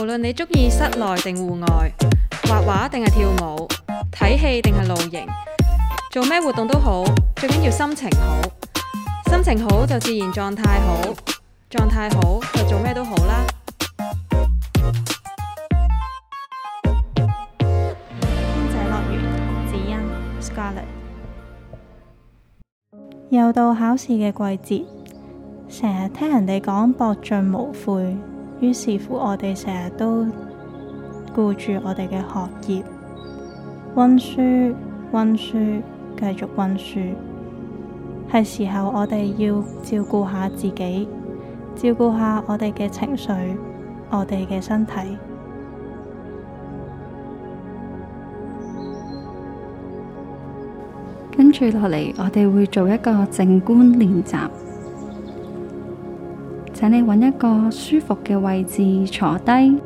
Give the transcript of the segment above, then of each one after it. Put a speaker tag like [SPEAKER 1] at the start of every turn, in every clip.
[SPEAKER 1] 無論你中意室內定戶外，畫畫定係跳舞，睇戲定係露營，做咩活動都好，最緊要心情好。心情好就自然狀態好，狀態好就做咩都好啦。又到考試嘅季節，成日聽人哋講博盡無悔。於是乎，我哋成日都顧住我哋嘅學業，温書、温書、繼續温書。係時候我哋要照顧下自己，照顧下我哋嘅情緒、我哋嘅身體。跟住落嚟，我哋會做一個靜觀練習。請你揾一個舒服嘅位置坐低，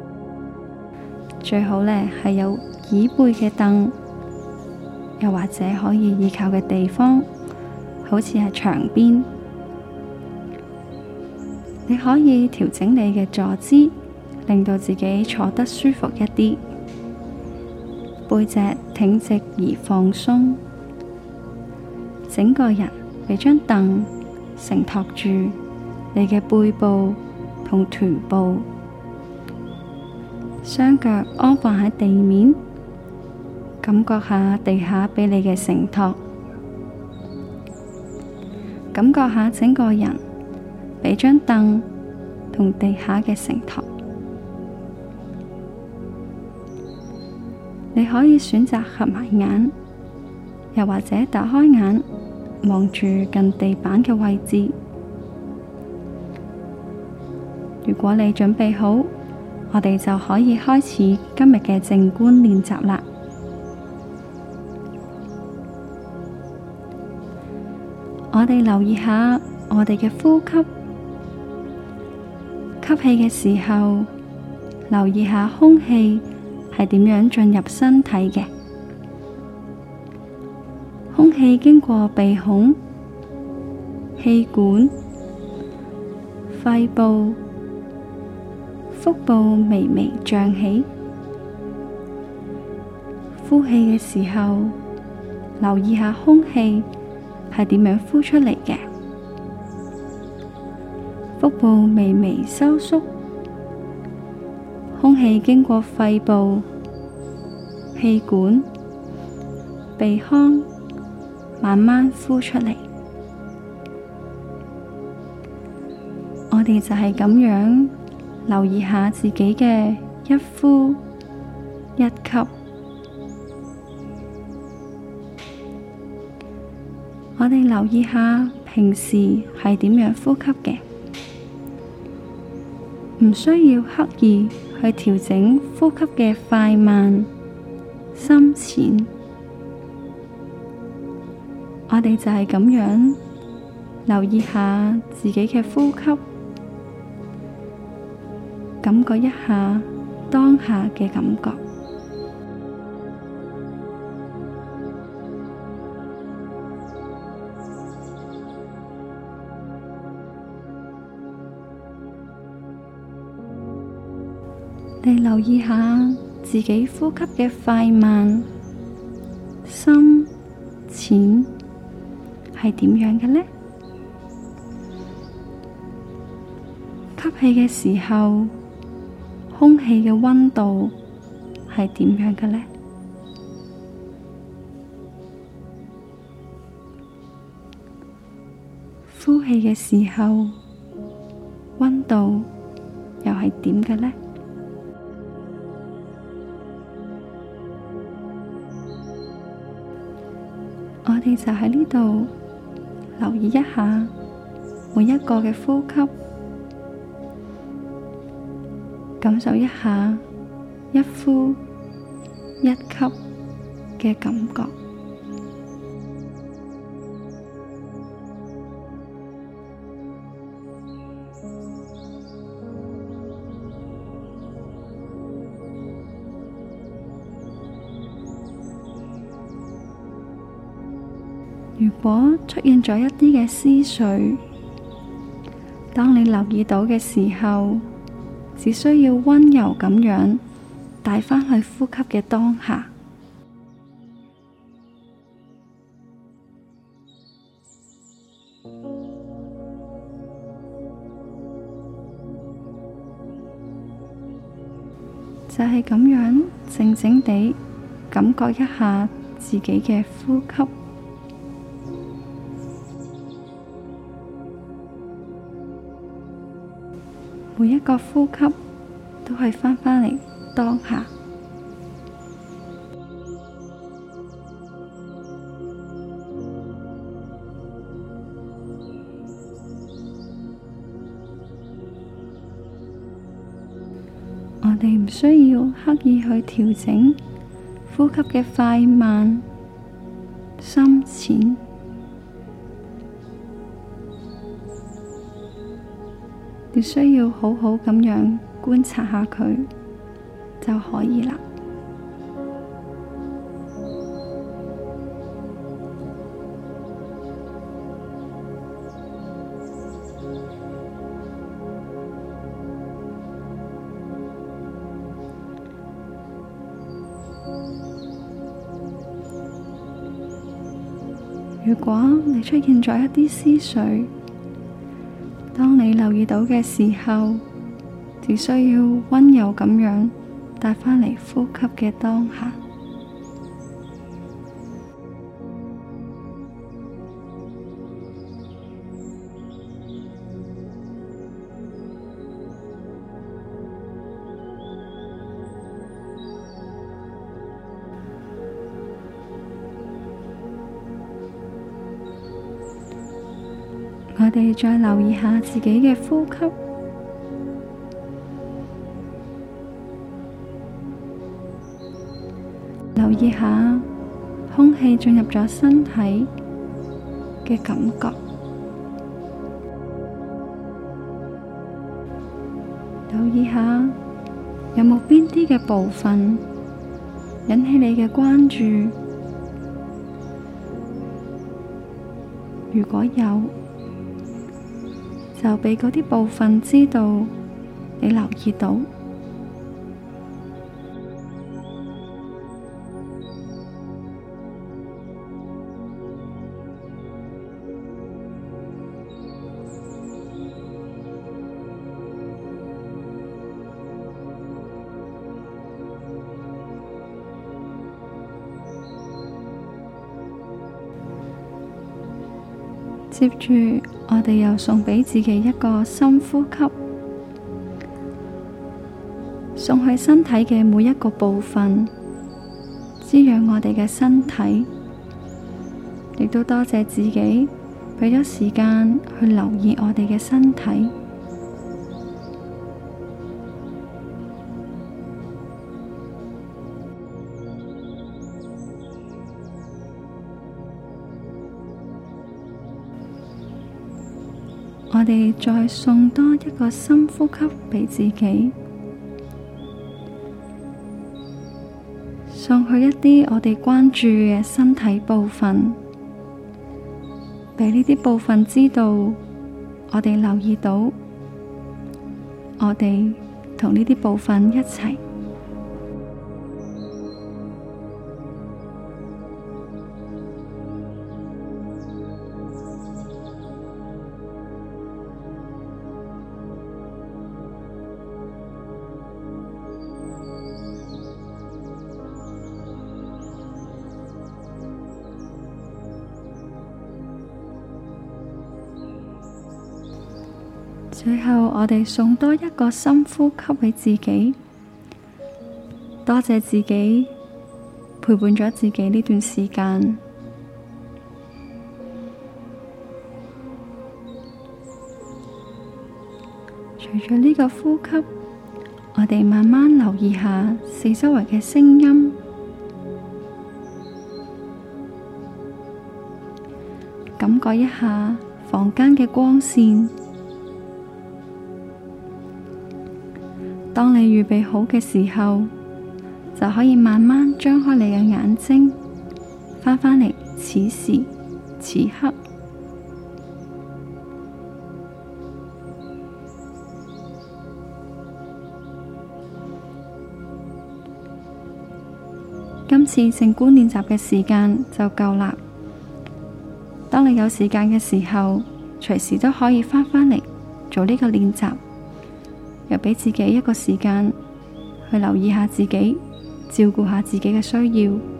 [SPEAKER 1] 最好呢係有椅背嘅凳，又或者可以依靠嘅地方，好似喺牆邊。你可以調整你嘅坐姿，令到自己坐得舒服一啲，背脊挺直而放鬆，整個人被張凳承托住。你嘅背部同臀部，雙腳安放喺地面，感覺下地下畀你嘅承托，感覺下整個人畀張凳同地下嘅承托。你可以選擇合埋眼，又或者打開眼，望住近地板嘅位置。如果你準備好，我哋就可以開始今日嘅靜觀練習啦。我哋留意下我哋嘅呼吸，吸氣嘅時候，留意下空氣係點樣進入身體嘅。空氣經過鼻孔、氣管、肺部，腹部微微脹起，呼氣嘅時候，留意下空氣係點樣呼出嚟嘅，腹部微微收縮，空氣經過肺部、氣管、鼻腔，慢慢呼出嚟。我哋就係咁樣。留意下自己嘅一呼一吸，我哋留意下平時係點樣呼吸嘅，唔需要刻意去調整呼吸嘅快慢、深淺，我哋就係咁樣留意下自己嘅呼吸。感覺一下當下嘅感覺，你留意下自己呼吸嘅快慢、深淺係點樣嘅呢？吸氣嘅時候。空氣嘅溫度係點樣嘅呢？呼氣嘅時候，溫度又係點嘅呢？我哋就喺呢度留意一下每一個嘅呼吸。感受一下一呼一吸嘅感覺。如果出現咗一啲嘅思緒，當你留意到嘅時候，只需要溫柔咁樣帶返去呼吸嘅當下，就係咁樣靜靜地感覺一下自己嘅呼吸。每一個呼吸都係返返嚟當下，我哋唔需要刻意去調整呼吸嘅快慢、深淺。你需要好好咁樣觀察下佢就可以啦。如果你出現咗一啲思緒。你留意到嘅時候，只需要温柔咁樣帶返嚟呼吸嘅當下。我哋再留意下自己嘅呼吸，留意下空氣進入咗身體嘅感覺，留意下有冇邊啲嘅部分引起你嘅關注，如果有。就俾嗰啲部分知道，你留意到。接住，我哋又送畀自己一個深呼吸，送去身體嘅每一個部分，滋養我哋嘅身體，亦都多謝自己畀咗時間去留意我哋嘅身體。我哋再送多一個深呼吸俾自己，送去一啲我哋關注嘅身體部分，俾呢啲部分知道我哋留意到，我哋同呢啲部分一齊。最後，我哋送多一個深呼吸畀自己，多謝自己陪伴咗自己呢段時間。除咗呢個呼吸，我哋慢慢留意下四周圍嘅聲音，感覺一下房間嘅光綫。當你預備好嘅時候，就可以慢慢張開你嘅眼睛，翻返嚟，此時此刻。今次靜觀練習嘅時間就夠啦。當你有時間嘅時候，隨時都可以翻返嚟做呢個練習。又畀自己一個時間去留意下自己，照顧下自己嘅需要。